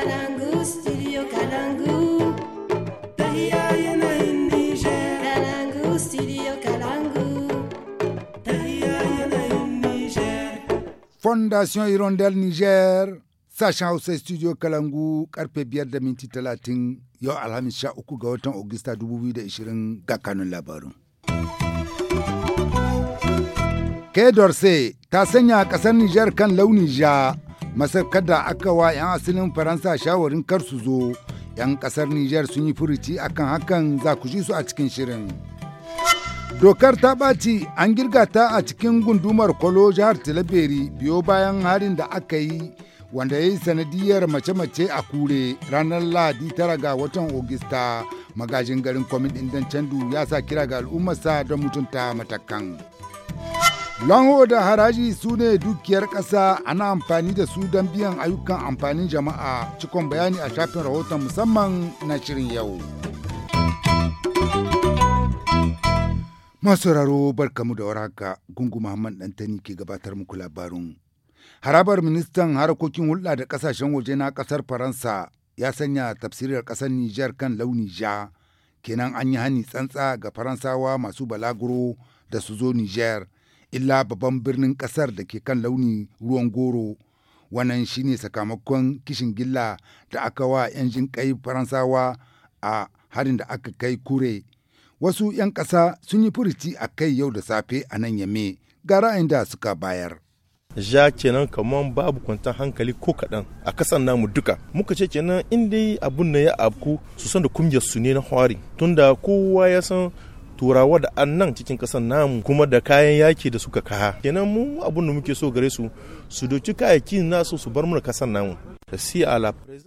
Kalangu, studio Niger. studio Fondation Niger. Hausa Studio Kalangu karfe biyar da minti talatin yau Alhamis sha uku ga watan Agusta ishirin ga kanun labarin. Kedorse ta sanya ƙasar niger kan launi ja masafkar da aka wa 'yan asalin faransa shawarin kar su zo 'yan kasar Nijar sun yi furuci akan hakan za ku ji su a cikin shirin dokar ta ɓaci an girga ta a cikin gundumar kwalo jihar talaberi biyo bayan harin da aka yi wanda ya yi sanadiyar mace-mace a kure ranar lahadi tara ga watan ogista magajin garin Kwamitin ɗin dancandu ya sa kira ga al'ummarsa don mutunta matakan. lanho da haraji su ne dukiyar ƙasa ana amfani da su don biyan ayyukan amfanin jama'a cikon bayani a shafin rahoton musamman na shirin yau masu raro barkamu da warhaka gungu muhammad dantani ke gabatar muku labarin harabar ministan harkokin hulɗa da ƙasashen waje na ƙasar faransa ya sanya tafsirar ƙasar nijar kan launi ja kenan an yi hani tsantsa ga faransawa masu balaguro da su zo nijar illa babban birnin ƙasar da ke kan launi ruwan goro. Wannan shine sakamakon kishin gilla da aka wa 'yan jin kai Faransawa a harin da aka kai kure. Wasu 'yan ƙasa sun yi furuci a kai yau da safe a nan yame ga ra'ayin da suka bayar. ja kenan kamar babu kwantar hankali ko kaɗan a kasan namu duka muka ce kenan inda dai abun na ya abku su san da kungiyar su ne na hwari tunda kowa ya san turawa da an nan cikin kasan namu kuma da kayan yaki da suka kaha kenan mu abun da muke so gare su su doki kayaki nasu su bar mu kasar namu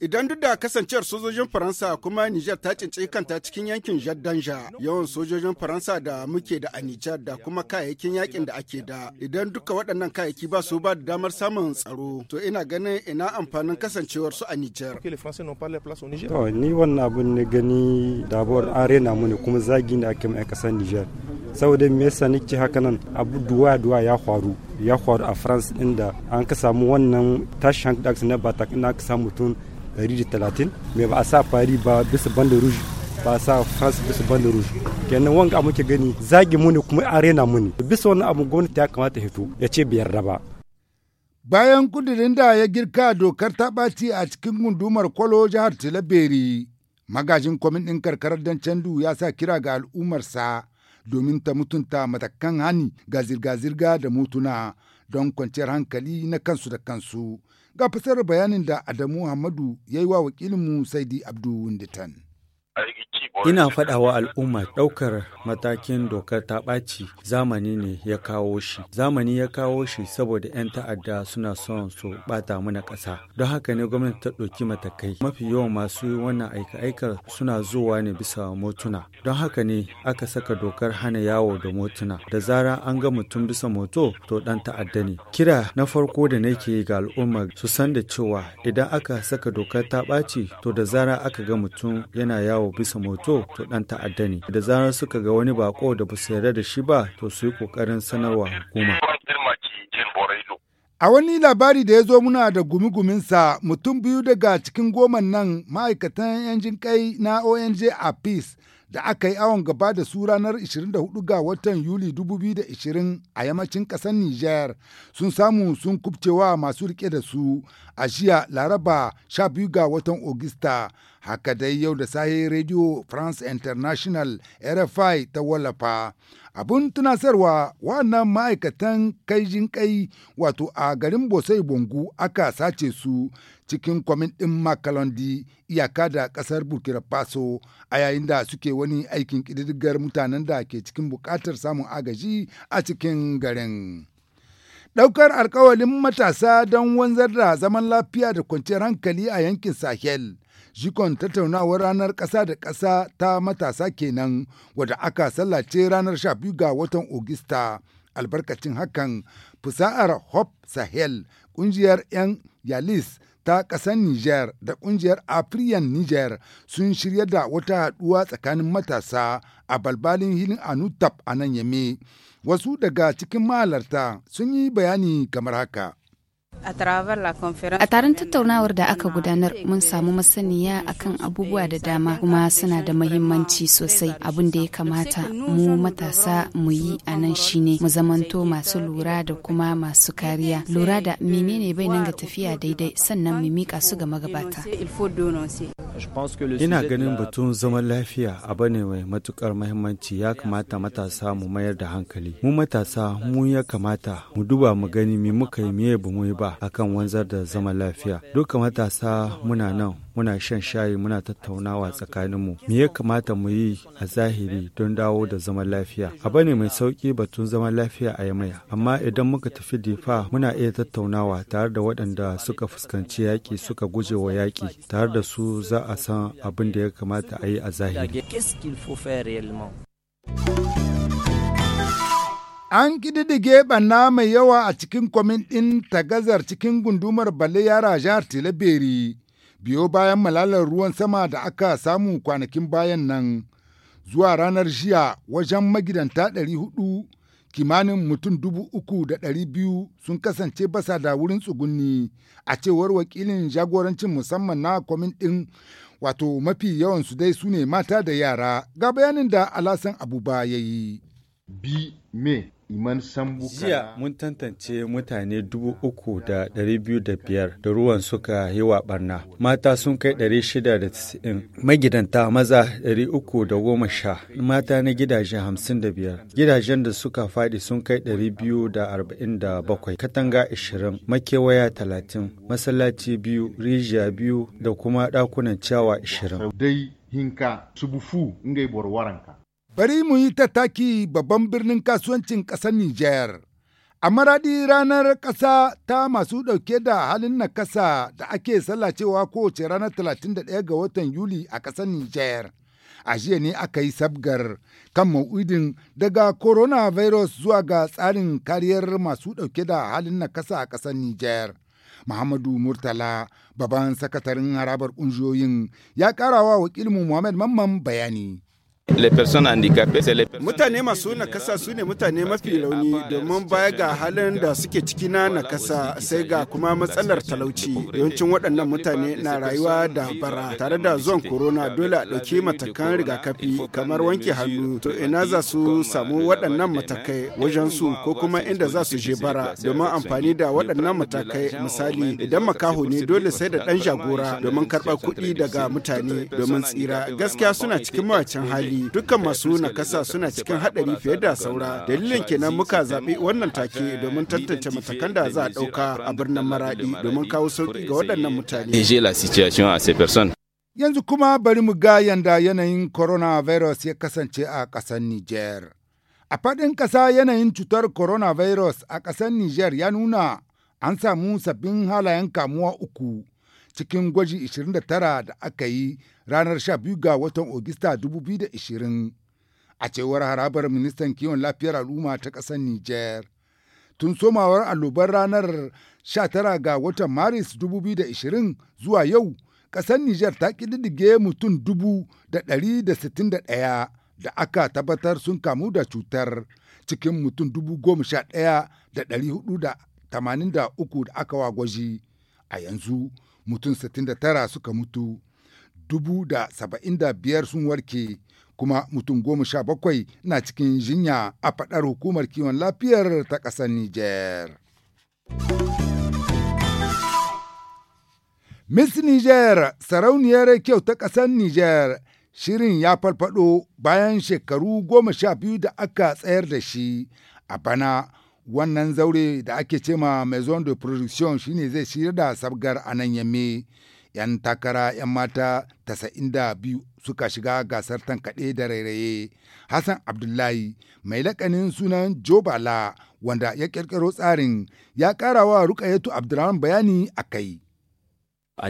Idan duk da kasancewar sojojin Faransa kuma Nijar ta cince kanta cikin yankin Jaddanja yawan sojojin Faransa da muke da a Nijar da kuma kayayyakin yakin da ake da idan duka waɗannan kayayyaki ba su ba da damar samun tsaro to ina ganin ina amfanin kasancewar su a Nijar. Ni wannan abun ne gani dabuwar arena rena mu ne kuma zagi ne ake mai ƙasar Nijar. saboda me yasa nake haka nan abu duwa duwa ya faru ya faru a France inda an ka samu wannan tashi hankali na batak ina ka samu tun 130 me ba a sa fari ba bisa bandar rouge ba sa France bisa ban rouge kenan wanga muke gani zagi muni kuma an rena mu ne bisa wani abu gwamnati ya kamata hito ya ce biyar raba bayan kudirin da ya girka dokar ta bati a cikin gundumar kwalo jihar tilaberi magajin kwamitin karkarar dan candu ya sa kira ga al'ummarsa domin ta mutunta matakan hani ga zirga-zirga da mutuna don kwanciyar hankali na kansu da kansu. Ga fasar bayanin da Adamu Hamadu ya yi wa wakilinmu Saidi Abdu Ina faɗawa al'umma ɗaukar matakin dokar ta ɓaci zamani ne ya kawo shi. Zamani ya kawo shi saboda 'yan ta'adda suna son su ɓata mana ƙasa. Don haka ne gwamnati ta ɗauki matakai. Mafi yawan masu wannan aika-aikar suna zuwa ne bisa motuna. Don haka ne aka saka dokar hana yawo da motuna. Da zara an ga mutum bisa moto to ɗan ta'adda ne. Kira na farko da nake ga al'umma su san da cewa idan aka saka dokar ta ɓaci to da zara aka ga mutum yana yawo yawo bisa moto to dan ta'adda ne da zarar suka ga wani bako da ba su yarda da shi ba to su yi kokarin sanarwa hukuma A wani labari da ya zo muna da gumi sa mutum biyu daga cikin goma nan ma'aikatan 'yan kai na ONG a Peace da aka yi awon gaba da su ranar 24 ga watan Yuli 2020 a yammacin ƙasar Nijar sun samu sun kubcewa masu rike da su a jiya Laraba 12 ga watan Ogista haka dai yau da sahi radio france international rfi ta wallafa abun tunasarwa wannan ma'aikatan kaijin kai wato a garin bosai bongu aka sace su cikin kwamin ɗin makalondi iyaka da ƙasar burkina faso a yayin da suke wani aikin ƙididdigar mutanen da ke cikin buƙatar samun agaji a cikin garin. daukar alkawalin matasa don wanzar da zaman lafiya da kwanciyar hankali a yankin Sahel. Jikon tattaunawar ranar ƙasa da ƙasa ta matasa kenan wadda aka sallace ranar 12 ga watan Ogista. Albarkacin hakan, fusa'ar Hop Sahel, ƙungiyar 'yan Yalis ta ƙasar Nijar da ƙungiyar Afriyan Nijar sun shirya da wata haɗuwa tsakanin matasa a balbalin hilin anutap a nan Yame. Wasu daga cikin mahalarta sun yi bayani kamar haka. A taron tattaunawar da aka gudanar mun samu masaniya akan abubuwa da dama kuma suna da mahimmanci sosai abin da ya kamata mu matasa mu yi a nan shine mu zamanto masu lura da kuma masu kariya lura da menene bai nan ga tafiya daidai sannan mu mika su ga magabata. Ina ganin batun zaman lafiya a bane mai matukar mahimmanci ya kamata matasa mu mayar da hankali. Mu matasa mu ya kamata mu duba mu gani me muka yi miye ba mu yi ba akan wanzar da zaman lafiya. Duka matasa muna nan muna shan shayi muna tattaunawa tsakaninmu me ya kamata mu yi a zahiri don dawo da zaman lafiya abu ne mai sauki batun zaman lafiya a yamaya amma idan muka tafi difa muna iya tattaunawa tare da waɗanda suka fuskanci yaƙi suka guje wa yaƙi tare da su za a san abin da ya kamata a yi a zahiri An ƙididdige bana mai yawa a cikin kwamin ɗin tagazar cikin gundumar Bale Yara jihar tilabiri biyo bayan malalar ruwan sama da aka samu kwanakin bayan nan zuwa ranar jiya wajen magidanta 400 kimanin mutum 3,200 sun kasance basa da wurin tsugunni a cewar wakilin jagorancin musamman na kwamin ɗin wato mafi yawan su dai su ne mata da yara ga bayanin da alasan abuba ya yi. Iman Sambuka. Jiya mun tantance mutane dubu uku da dari biyu da biyar da ruwan suka yi wa barna. Mata sun kai dari shida da tisa'in, magidanta maza dari uku da goma sha, mata na gidaje hamsin da biyar. Gidajen da suka faɗi sun kai dari biyu da arba'in da bakwai, katanga ashirin, makewaya talatin, masallaci biyu, rijiya biyu da kuma ɗakunan ciyawa ashirin. Dai hinka, subufu, ngai borwaranka. Bari mu yi tattaki babban birnin kasuwancin ƙasar Nijar. A maradi ranar ƙasa ta masu ɗauke da halin na ƙasa da ake sallacewa kowace ranar 31 ga watan Yuli a ƙasar Nijar. A jiya ne aka yi sabgar kan ma'udin daga coronavirus zuwa ga tsarin kariyar masu ɗauke da halin na ƙasa a ƙasar Nijar. Muhammadu Murtala, babban sakataren harabar ƙungiyoyin, ya ƙara wa wakilmu Muhammad Mamman bayani. Mutane masu nakasa su ne mutane mafi launi domin baya ga halin da suke ciki na nakasa sai ga kuma matsalar talauci. Yawancin waɗannan mutane na rayuwa da bara tare da zuwan corona dole a ɗauki matakan rigakafi kamar wanke hannu to ina za su samu waɗannan matakai wajen su ko kuma inda za su je bara domin amfani da waɗannan matakai misali idan makaho ne dole sai da ɗan jagora domin karɓar kuɗi daga mutane domin tsira gaskiya suna cikin mawacin hali. hadari dukkan masu nakasa suna cikin haɗari fiye da saura dalilin kenan muka zaɓi wannan take domin tantance matakan da za a ɗauka a birnin maradi domin kawo sauƙi ga waɗannan mutane. Yanzu kuma bari mu ga yanda yanayin coronavirus ya kasance a ƙasar niger? A faɗin ƙasa yanayin cutar coronavirus a ƙasar niger ya nuna an samu sabbin halayen kamuwa uku cikin gwaji 29 da aka yi ranar 12 ga watan Ogista 2020 a cewar harabar ministan kiwon lafiyar al'umma ta ƙasar Nijar. Tun somawar allobar ranar 19 ga watan Maris 2020 zuwa yau, ƙasar Nijar ta ƙididdige mutum 1,161 da aka tabbatar sun kamu da cutar cikin mutum 11,483 da aka wa gwaji a yanzu. mutum 69 suka mutu dubu da saba'in da biyar sun warke kuma mutum goma sha bakwai na cikin jinya a faɗar hukumar kiwon lafiyar ta ƙasar Nijar. Miss Niger sarauniyar kyau ta ƙasar Nijar, shirin ya farfaɗo bayan shekaru goma sha biyu da aka tsayar da shi a bana. wannan zaure da ake cema maison de production shine zai shirya da sabgar a nan yamme 'yan takara 'yan mata biyu suka shiga gasar tankaɗe da rairaye hassan abdullahi mai lakanin sunan jobala wanda ya ƙirƙiro tsarin ya ƙara wa rukayetu abdulrahman bayani a kai A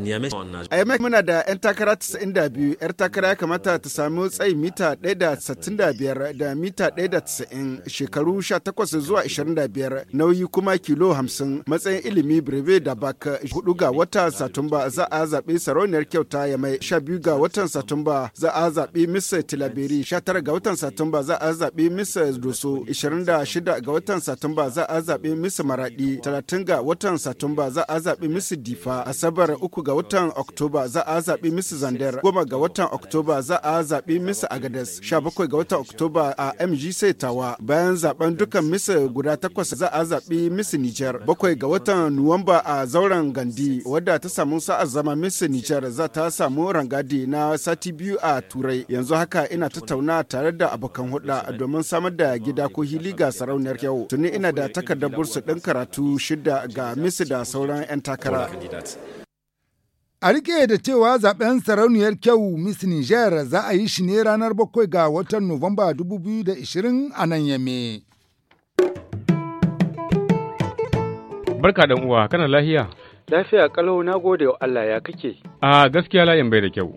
a Yemen muna da 'yan takara 92, 'yar takara ya kamata ta samu tsayi mita 1.65 da mita 1.90 shekaru 18 zuwa 25 nauyi kuma kilo 50 matsayin ilimi breve da bak 4 ga wata Satumba za a zaɓi sarauniyar kyauta ya mai 12 ga watan Satumba za a zaɓi Mr. Tilaberi 19 ga watan Satumba za a zaɓi Mr. Doso 26 ga watan Satumba za a zaɓi Mr. Maradi 30 ga watan Satumba za a zaɓi Mr. Difa Asabar 3 uku ga watan Oktoba za a zaɓi Mrs. Zander, goma ga watan Oktoba za a zaɓi Mrs. Agades, sha bakwai ga watan Oktoba a MG Tawa. Bayan zaɓen dukan Mrs. guda takwas za a zaɓi Mrs. Niger, bakwai ga watan Nuwamba a zauren Gandi, wadda ta samu sa'ar zama Mrs. Niger za ta samu rangadi na sati biyu a Turai. Yanzu haka ina tattauna tare da abokan hulɗa domin samar da gida ko hili ga sarauniyar kyau. Tuni ina da takardar bursu ɗin karatu shida ga Mrs. da sauran 'yan takara. A rike da cewa zaben sarauniyar kyau Miss Niger za a yi shi ne ranar bakwai ga watan Nuwamba 2020 a nan Yame. Barka dan uwa, kana lahiya? Lafiya kalau na gode wa Allah ya kake. A gaskiya layin bai da kyau.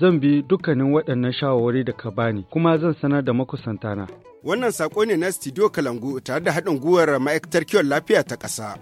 zan bi dukkanin waɗannan shawarwari da ka bani kuma zan sanar da makusantana. Wannan saƙo ne na Studio Kalangu tare da haɗin gwiwar ma'aikatar kiwon lafiya ta ƙasa.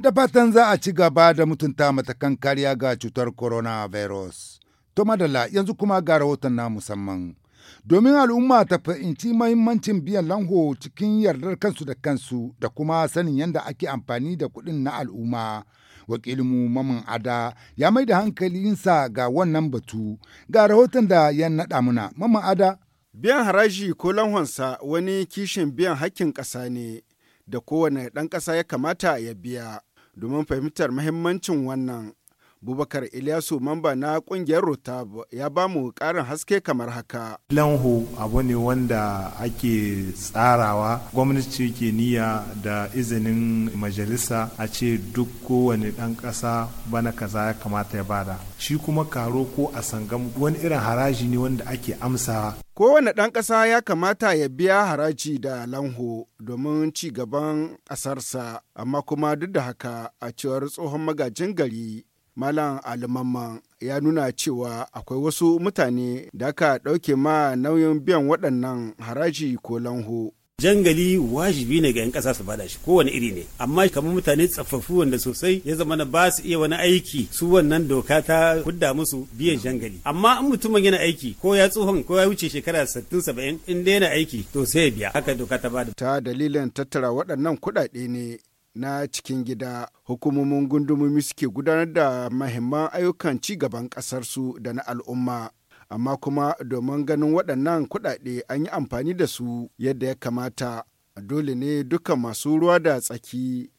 Da fatan za a ci gaba da mutunta matakan kariya ga cutar coronavirus. To madalla yanzu kuma ga rahoton na musamman. domin al'umma ta fahimci mahimmancin biyan lanho cikin yardar kansu da kansu da kuma sanin yadda ake amfani da kuɗin na al'umma. wakilinmu Mamman ada ya mai da hankalinsa ga wannan batu ga rahoton da ya naɗa muna Mamman ada biyan haraji ko lanhonsa wani kishin biyan hakkin ƙasa ne da kowane ɗan ƙasa ya kamata ya biya domin fahimtar mahimmancin wannan Bubakar Ilyasu mamba na kungiyar Rotab ya ba mu karin haske kamar haka. lanhu abu ne wanda ake tsarawa gwamnati ke niyya da izinin majalisa a ce duk kowane ɗan ƙasa bana kaza ya kamata ya bada. Shi kuma karo ko a sangam wani irin haraji ne wanda ake amsa. Kowane ɗan ƙasa ya kamata ya biya haraji da lanho domin ci gaban ƙasarsa, amma kuma duk da haka a cewar tsohon magajin gari Malam Alimamman ya nuna cewa akwai wasu mutane da aka ɗauke ma nauyin biyan waɗannan haraji ko lanho. jangali wajibi ne ga 'yan kasa su bada shi kowane iri ne amma kamar mutane tsafaffu wanda sosai ya zama na ba su iya wani aiki su wannan doka ta hudda musu biyan jangali amma in mutumin yana aiki ko ya tsohon ko ya wuce shekara 60 70 in dai yana aiki to sai ya biya haka doka ta bada ta dalilin tattara waɗannan kuɗaɗe ne na cikin gida hukumomin gundumomi suke gudanar da mahimman ayyukan ci gaban kasarsu da na al'umma amma kuma domin ganin waɗannan kuɗaɗe an yi amfani da su yadda ya kamata dole ne dukkan masu ruwa da tsaki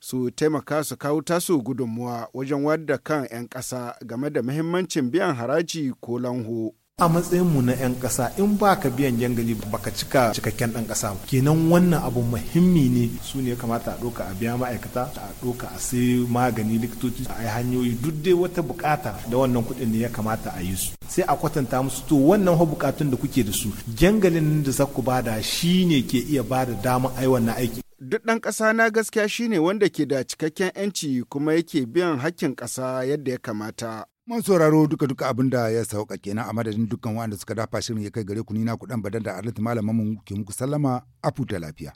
su taimaka su kawo tasu gudunmuwa wajen wadda kan 'yan ƙasa game da mahimmancin biyan haraji ko lanho. a matsayinmu na 'yan ƙasa in ba ka biyan jangali ba ka cika cikakken ɗan ƙasa ba kenan wannan abu muhimmi ne su ne kamata a ɗauka a biya ma'aikata a ɗauka a sai magani likitoci a hanyoyi duk dai wata bukata da wannan kuɗin ne ya kamata a yi su sai a kwatanta musu to wannan ho bukatun da kuke da su jangalin da za ku bada shi ne ke iya bada dama ai wannan aiki duk ɗan ƙasa na gaskiya shine wanda ke da cikakken 'yanci kuma yake biyan hakkin ƙasa yadda ya kamata Mun sauraro duka-duka abin da ya sauka kenan a madadin dukkan waɗanda suka dafa shirin ya kai gare ku ni na kuɗan badan da Arlit malamanmu ke muku sallama a ta lafiya.